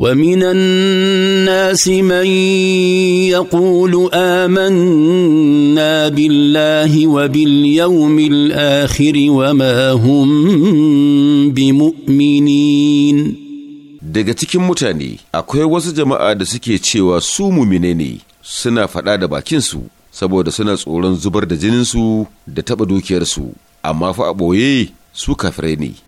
ومن الناس من يقول آمنا بالله وباليوم الآخر وما هم بمؤمنين daga cikin mutane akwai wasu jama'a da suke cewa su mumine ne suna faɗa da bakinsu saboda suna tsoron zubar da jininsu da taɓa dukiyarsu amma fa a ɓoye su kafirai ne